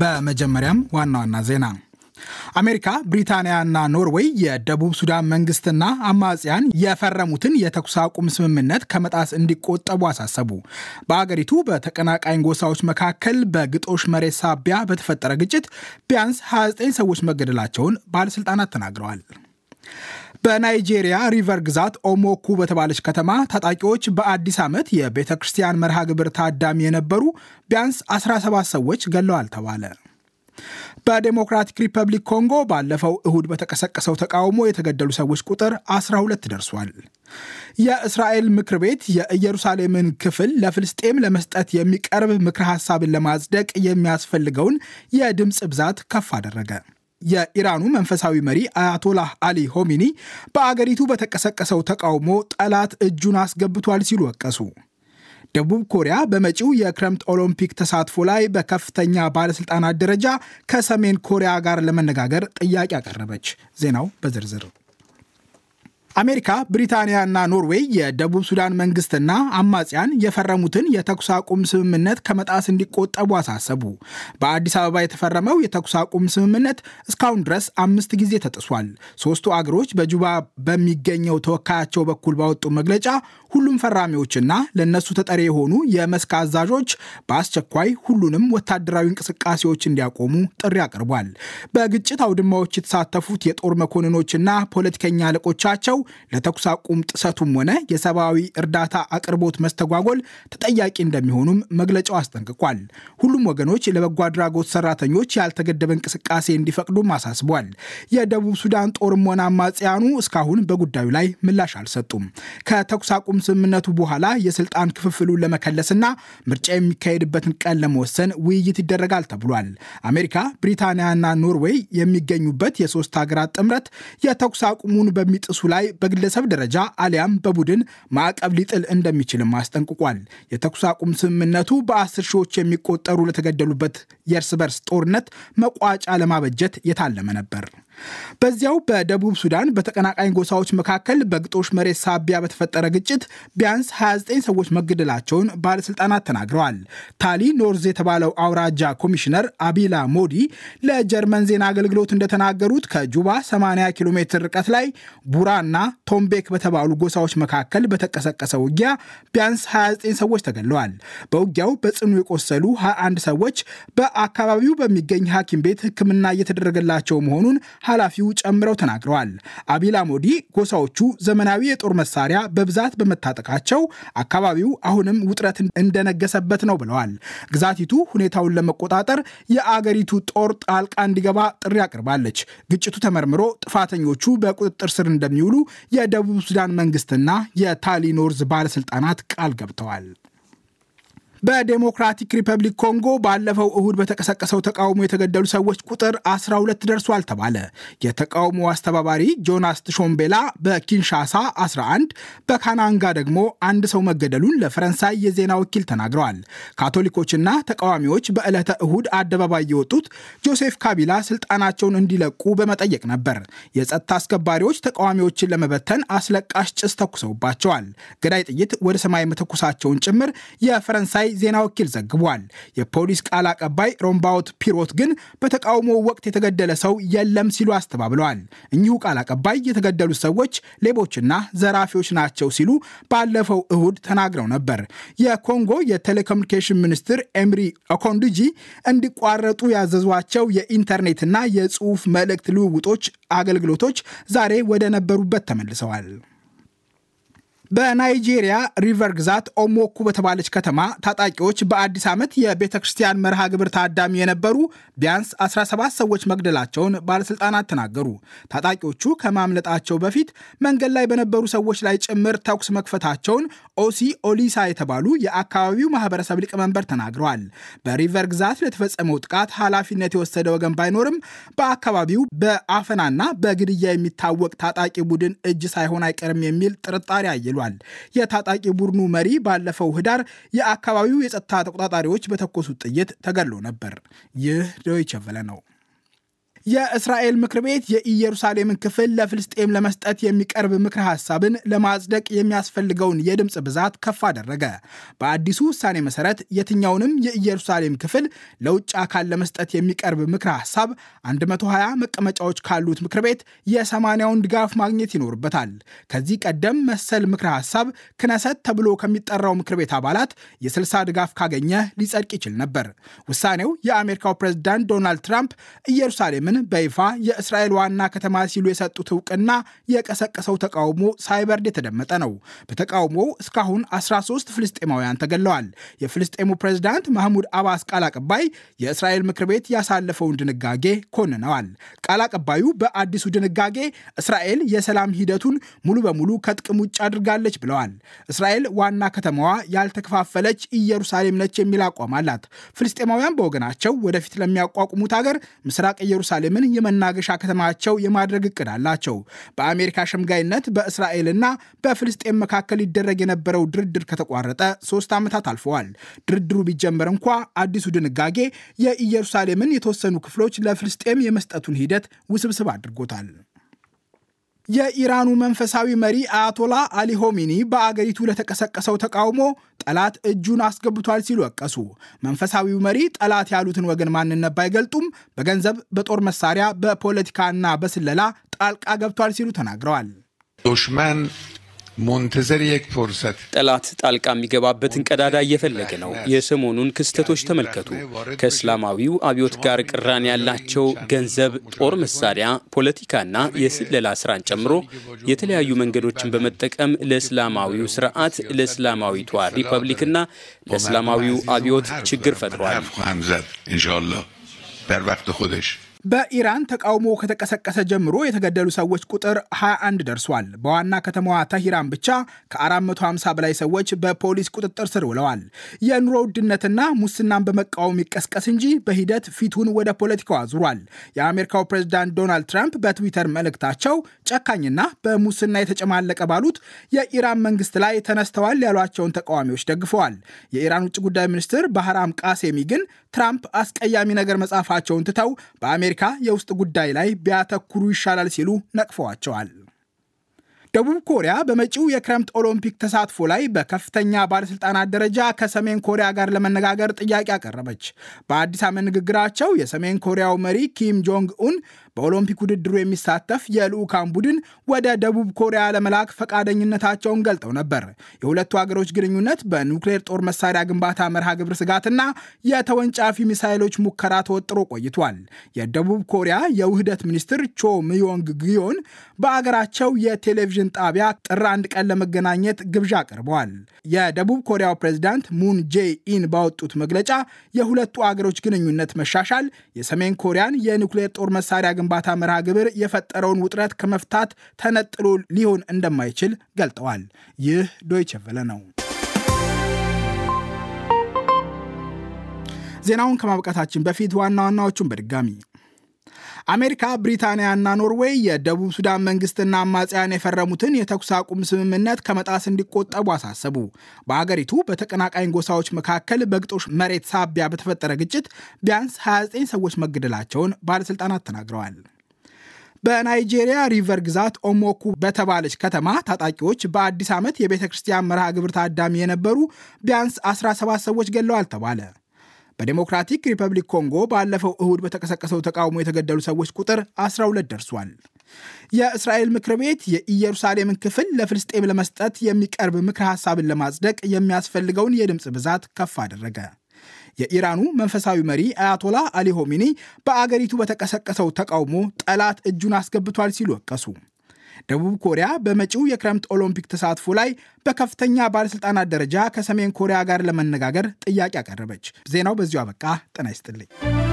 በመጀመሪያም ዋና ዋና ዜና አሜሪካ፣ ብሪታንያና ኖርዌይ የደቡብ ሱዳን መንግስትና አማጽያን የፈረሙትን የተኩስ አቁም ስምምነት ከመጣስ እንዲቆጠቡ አሳሰቡ። በአገሪቱ በተቀናቃኝ ጎሳዎች መካከል በግጦሽ መሬት ሳቢያ በተፈጠረ ግጭት ቢያንስ 29 ሰዎች መገደላቸውን ባለሥልጣናት ተናግረዋል። በናይጄሪያ ሪቨር ግዛት ኦሞኩ በተባለች ከተማ ታጣቂዎች በአዲስ ዓመት የቤተ ክርስቲያን መርሃ ግብር ታዳሚ የነበሩ ቢያንስ 17 ሰዎች ገለዋል ተባለ። በዴሞክራቲክ ሪፐብሊክ ኮንጎ ባለፈው እሁድ በተቀሰቀሰው ተቃውሞ የተገደሉ ሰዎች ቁጥር 12 ደርሷል። የእስራኤል ምክር ቤት የኢየሩሳሌምን ክፍል ለፍልስጤም ለመስጠት የሚቀርብ ምክረ ሐሳብን ለማጽደቅ የሚያስፈልገውን የድምፅ ብዛት ከፍ አደረገ። የኢራኑ መንፈሳዊ መሪ አያቶላህ አሊ ሆሚኒ በአገሪቱ በተቀሰቀሰው ተቃውሞ ጠላት እጁን አስገብቷል ሲሉ ወቀሱ። ደቡብ ኮሪያ በመጪው የክረምት ኦሎምፒክ ተሳትፎ ላይ በከፍተኛ ባለሥልጣናት ደረጃ ከሰሜን ኮሪያ ጋር ለመነጋገር ጥያቄ አቀረበች። ዜናው በዝርዝር አሜሪካ፣ ብሪታንያና ኖርዌይ የደቡብ ሱዳን መንግስትና አማጽያን የፈረሙትን የተኩስ አቁም ስምምነት ከመጣስ እንዲቆጠቡ አሳሰቡ። በአዲስ አበባ የተፈረመው የተኩስ አቁም ስምምነት እስካሁን ድረስ አምስት ጊዜ ተጥሷል። ሶስቱ አገሮች በጁባ በሚገኘው ተወካያቸው በኩል ባወጡ መግለጫ ሁሉም ፈራሚዎችና ለእነሱ ተጠሪ የሆኑ የመስክ አዛዦች በአስቸኳይ ሁሉንም ወታደራዊ እንቅስቃሴዎች እንዲያቆሙ ጥሪ አቅርቧል። በግጭት አውድማዎች የተሳተፉት የጦር መኮንኖችና ፖለቲከኛ አለቆቻቸው ለተኩስ አቁም ጥሰቱም ሆነ የሰብአዊ እርዳታ አቅርቦት መስተጓጎል ተጠያቂ እንደሚሆኑም መግለጫው አስጠንቅቋል። ሁሉም ወገኖች ለበጎ አድራጎት ሰራተኞች ያልተገደበ እንቅስቃሴ እንዲፈቅዱም አሳስቧል። የደቡብ ሱዳን ጦርም ሆነ አማጽያኑ እስካሁን በጉዳዩ ላይ ምላሽ አልሰጡም። ከተኩስ አቁም ስምምነቱ በኋላ የስልጣን ክፍፍሉን ለመከለስና ምርጫ የሚካሄድበትን ቀን ለመወሰን ውይይት ይደረጋል ተብሏል። አሜሪካ፣ ብሪታንያና ኖርዌይ የሚገኙበት የሶስት ሀገራት ጥምረት የተኩስ አቁሙን በሚጥሱ ላይ በግለሰብ ደረጃ አሊያም በቡድን ማዕቀብ ሊጥል እንደሚችልም አስጠንቅቋል። የተኩስ አቁም ስምምነቱ በአስር ሺዎች የሚቆጠሩ ለተገደሉበት የእርስ በርስ ጦርነት መቋጫ ለማበጀት የታለመ ነበር። በዚያው በደቡብ ሱዳን በተቀናቃኝ ጎሳዎች መካከል በግጦሽ መሬት ሳቢያ በተፈጠረ ግጭት ቢያንስ 29 ሰዎች መገደላቸውን ባለስልጣናት ተናግረዋል። ታሊ ኖርዝ የተባለው አውራጃ ኮሚሽነር አቢላ ሞዲ ለጀርመን ዜና አገልግሎት እንደተናገሩት ከጁባ 80 ኪሎ ሜትር ርቀት ላይ ቡራና ቶምቤክ በተባሉ ጎሳዎች መካከል በተቀሰቀሰ ውጊያ ቢያንስ 29 ሰዎች ተገድለዋል። በውጊያው በጽኑ የቆሰሉ 21 ሰዎች በአካባቢው በሚገኝ ሐኪም ቤት ሕክምና እየተደረገላቸው መሆኑን ኃላፊው ጨምረው ተናግረዋል። አቢላ ሞዲ ጎሳዎቹ ዘመናዊ የጦር መሳሪያ በብዛት በመታጠቃቸው አካባቢው አሁንም ውጥረት እንደነገሰበት ነው ብለዋል። ግዛቲቱ ሁኔታውን ለመቆጣጠር የአገሪቱ ጦር ጣልቃ እንዲገባ ጥሪ አቅርባለች። ግጭቱ ተመርምሮ ጥፋተኞቹ በቁጥጥር ስር እንደሚውሉ የደቡብ ሱዳን መንግስትና የታሊ ኖርዝ ባለስልጣናት ቃል ገብተዋል። በዴሞክራቲክ ሪፐብሊክ ኮንጎ ባለፈው እሁድ በተቀሰቀሰው ተቃውሞ የተገደሉ ሰዎች ቁጥር 12 ደርሷል ተባለ። የተቃውሞ አስተባባሪ ጆናስ ሾምቤላ በኪንሻሳ 11 በካናንጋ ደግሞ አንድ ሰው መገደሉን ለፈረንሳይ የዜና ወኪል ተናግረዋል። ካቶሊኮችና ተቃዋሚዎች በዕለተ እሁድ አደባባይ የወጡት ጆሴፍ ካቢላ ስልጣናቸውን እንዲለቁ በመጠየቅ ነበር። የጸጥታ አስከባሪዎች ተቃዋሚዎችን ለመበተን አስለቃሽ ጭስ ተኩሰውባቸዋል። ገዳይ ጥይት ወደ ሰማይ መተኩሳቸውን ጭምር የፈረንሳይ ዜና ወኪል ዘግቧል። የፖሊስ ቃል አቀባይ ሮምባውት ፒሮት ግን በተቃውሞ ወቅት የተገደለ ሰው የለም ሲሉ አስተባብለዋል። እኚሁ ቃል አቀባይ የተገደሉ ሰዎች ሌቦችና ዘራፊዎች ናቸው ሲሉ ባለፈው እሁድ ተናግረው ነበር። የኮንጎ የቴሌኮሙኒኬሽን ሚኒስትር ኤምሪ ኦኮንድጂ እንዲቋረጡ ያዘዟቸው የኢንተርኔትና የጽሑፍ መልእክት ልውውጦች አገልግሎቶች ዛሬ ወደ ነበሩበት ተመልሰዋል። በናይጄሪያ ሪቨር ግዛት ኦሞኩ በተባለች ከተማ ታጣቂዎች በአዲስ ዓመት የቤተ ክርስቲያን መርሃ ግብር ታዳሚ የነበሩ ቢያንስ 17 ሰዎች መግደላቸውን ባለሥልጣናት ተናገሩ። ታጣቂዎቹ ከማምለጣቸው በፊት መንገድ ላይ በነበሩ ሰዎች ላይ ጭምር ተኩስ መክፈታቸውን ኦሲ ኦሊሳ የተባሉ የአካባቢው ማህበረሰብ ሊቀመንበር ተናግረዋል። በሪቨር ግዛት ለተፈጸመው ጥቃት ኃላፊነት የወሰደ ወገን ባይኖርም በአካባቢው በአፈናና በግድያ የሚታወቅ ታጣቂ ቡድን እጅ ሳይሆን አይቀርም የሚል ጥርጣሬ አይሏል። ብሏል። የታጣቂ ቡድኑ መሪ ባለፈው ህዳር የአካባቢው የጸጥታ ተቆጣጣሪዎች በተኮሱት ጥይት ተገድሎ ነበር። ይህ ዶይቸ ቬለ ነው። የእስራኤል ምክር ቤት የኢየሩሳሌምን ክፍል ለፍልስጤም ለመስጠት የሚቀርብ ምክረ ሐሳብን ለማጽደቅ የሚያስፈልገውን የድምፅ ብዛት ከፍ አደረገ። በአዲሱ ውሳኔ መሰረት የትኛውንም የኢየሩሳሌም ክፍል ለውጭ አካል ለመስጠት የሚቀርብ ምክረ ሐሳብ 120 መቀመጫዎች ካሉት ምክር ቤት የሰማንያውን ድጋፍ ማግኘት ይኖርበታል። ከዚህ ቀደም መሰል ምክረ ሐሳብ ክነሰት ተብሎ ከሚጠራው ምክር ቤት አባላት የ60 ድጋፍ ካገኘ ሊጸድቅ ይችል ነበር። ውሳኔው የአሜሪካው ፕሬዝዳንት ዶናልድ ትራምፕ ኢየሩሳሌም ኢየሩሳሌምን በይፋ የእስራኤል ዋና ከተማ ሲሉ የሰጡት እውቅና የቀሰቀሰው ተቃውሞ ሳይበርድ የተደመጠ ነው። በተቃውሞው እስካሁን 13 ፍልስጤማውያን ተገለዋል። የፍልስጤሙ ፕሬዝዳንት ማህሙድ አባስ ቃል አቀባይ የእስራኤል ምክር ቤት ያሳለፈውን ድንጋጌ ኮንነዋል። ቃል አቀባዩ በአዲሱ ድንጋጌ እስራኤል የሰላም ሂደቱን ሙሉ በሙሉ ከጥቅም ውጭ አድርጋለች ብለዋል። እስራኤል ዋና ከተማዋ ያልተከፋፈለች ኢየሩሳሌም ነች የሚል አቋም አላት። ፍልስጤማውያን በወገናቸው ወደፊት ለሚያቋቁሙት ሀገር ምስራቅ ኢየሩሳሌም ኢየሩሳሌምን የመናገሻ ከተማቸው የማድረግ እቅድ አላቸው። በአሜሪካ ሸምጋይነት በእስራኤልና በፍልስጤም መካከል ይደረግ የነበረው ድርድር ከተቋረጠ ሶስት ዓመታት አልፈዋል። ድርድሩ ቢጀመር እንኳ አዲሱ ድንጋጌ የኢየሩሳሌምን የተወሰኑ ክፍሎች ለፍልስጤም የመስጠቱን ሂደት ውስብስብ አድርጎታል። የኢራኑ መንፈሳዊ መሪ አያቶላ አሊ ሆሚኒ በአገሪቱ ለተቀሰቀሰው ተቃውሞ ጠላት እጁን አስገብቷል ሲሉ ወቀሱ። መንፈሳዊው መሪ ጠላት ያሉትን ወገን ማንነት ባይገልጡም በገንዘብ፣ በጦር መሳሪያ፣ በፖለቲካ እና በስለላ ጣልቃ ገብቷል ሲሉ ተናግረዋል። ዱሽመን ሞንተዘር የክፖርሰት ጠላት ጣልቃ የሚገባበትን ቀዳዳ እየፈለገ ነው። የሰሞኑን ክስተቶች ተመልከቱ። ከእስላማዊው አብዮት ጋር ቅራን ያላቸው ገንዘብ፣ ጦር መሳሪያ፣ ፖለቲካና የስለላ ስራን ጨምሮ የተለያዩ መንገዶችን በመጠቀም ለእስላማዊው ስርዓት፣ ለእስላማዊቷ ሪፐብሊክና ለእስላማዊው አብዮት ችግር ፈጥሯል። በኢራን ተቃውሞ ከተቀሰቀሰ ጀምሮ የተገደሉ ሰዎች ቁጥር 21 ደርሷል። በዋና ከተማዋ ተሂራን ብቻ ከ450 በላይ ሰዎች በፖሊስ ቁጥጥር ስር ውለዋል። የኑሮ ውድነትና ሙስናን በመቃወም ይቀስቀስ እንጂ በሂደት ፊቱን ወደ ፖለቲካው አዙሯል። የአሜሪካው ፕሬዝዳንት ዶናልድ ትራምፕ በትዊተር መልእክታቸው ጨካኝና በሙስና የተጨማለቀ ባሉት የኢራን መንግስት ላይ ተነስተዋል ያሏቸውን ተቃዋሚዎች ደግፈዋል። የኢራን ውጭ ጉዳይ ሚኒስትር ባህራም ቃሴሚ ግን ትራምፕ አስቀያሚ ነገር መጻፋቸውን ትተው በአሜሪካ የውስጥ ጉዳይ ላይ ቢያተኩሩ ይሻላል ሲሉ ነቅፈዋቸዋል። ደቡብ ኮሪያ በመጪው የክረምት ኦሎምፒክ ተሳትፎ ላይ በከፍተኛ ባለስልጣናት ደረጃ ከሰሜን ኮሪያ ጋር ለመነጋገር ጥያቄ አቀረበች። በአዲስ ዓመት ንግግራቸው የሰሜን ኮሪያው መሪ ኪም ጆንግ ኡን በኦሎምፒክ ውድድሩ የሚሳተፍ የልዑካን ቡድን ወደ ደቡብ ኮሪያ ለመላክ ፈቃደኝነታቸውን ገልጠው ነበር። የሁለቱ ሀገሮች ግንኙነት በኒውክሌር ጦር መሳሪያ ግንባታ መርሃ ግብር ስጋትና የተወንጫፊ ሚሳይሎች ሙከራ ተወጥሮ ቆይቷል። የደቡብ ኮሪያ የውህደት ሚኒስትር ቾ ምዮንግ ግዮን በአገራቸው የቴሌቪዥን ጣቢያ ጥር አንድ ቀን ለመገናኘት ግብዣ አቅርበዋል። የደቡብ ኮሪያው ፕሬዚዳንት ሙን ጄ ኢን ባወጡት መግለጫ የሁለቱ አገሮች ግንኙነት መሻሻል የሰሜን ኮሪያን የኒውክሌር ጦር መሳሪያ ግንባታ መርሃ ግብር የፈጠረውን ውጥረት ከመፍታት ተነጥሎ ሊሆን እንደማይችል ገልጠዋል። ይህ ዶይቸ ቬለ ነው። ዜናውን ከማብቃታችን በፊት ዋና ዋናዎቹን በድጋሚ አሜሪካ፣ ብሪታንያና ኖርዌይ የደቡብ ሱዳን መንግስትና አማጽያን የፈረሙትን የተኩስ አቁም ስምምነት ከመጣስ እንዲቆጠቡ አሳሰቡ። በአገሪቱ በተቀናቃኝ ጎሳዎች መካከል በግጦሽ መሬት ሳቢያ በተፈጠረ ግጭት ቢያንስ 29 ሰዎች መገደላቸውን ባለሥልጣናት ተናግረዋል። በናይጄሪያ ሪቨር ግዛት ኦሞኩ በተባለች ከተማ ታጣቂዎች በአዲስ ዓመት የቤተ ክርስቲያን መርሃ ግብር ታዳሚ የነበሩ ቢያንስ 17 ሰዎች ገለዋል ተባለ። በዴሞክራቲክ ሪፐብሊክ ኮንጎ ባለፈው እሁድ በተቀሰቀሰው ተቃውሞ የተገደሉ ሰዎች ቁጥር 12 ደርሷል። የእስራኤል ምክር ቤት የኢየሩሳሌምን ክፍል ለፍልስጤም ለመስጠት የሚቀርብ ምክር ሐሳብን ለማጽደቅ የሚያስፈልገውን የድምፅ ብዛት ከፍ አደረገ። የኢራኑ መንፈሳዊ መሪ አያቶላ አሊ ሆሚኒ በአገሪቱ በተቀሰቀሰው ተቃውሞ ጠላት እጁን አስገብቷል ሲሉ ወቀሱ። ደቡብ ኮሪያ በመጪው የክረምት ኦሎምፒክ ተሳትፎ ላይ በከፍተኛ ባለሥልጣናት ደረጃ ከሰሜን ኮሪያ ጋር ለመነጋገር ጥያቄ አቀረበች። ዜናው በዚሁ አበቃ። ጤና ይስጥልኝ።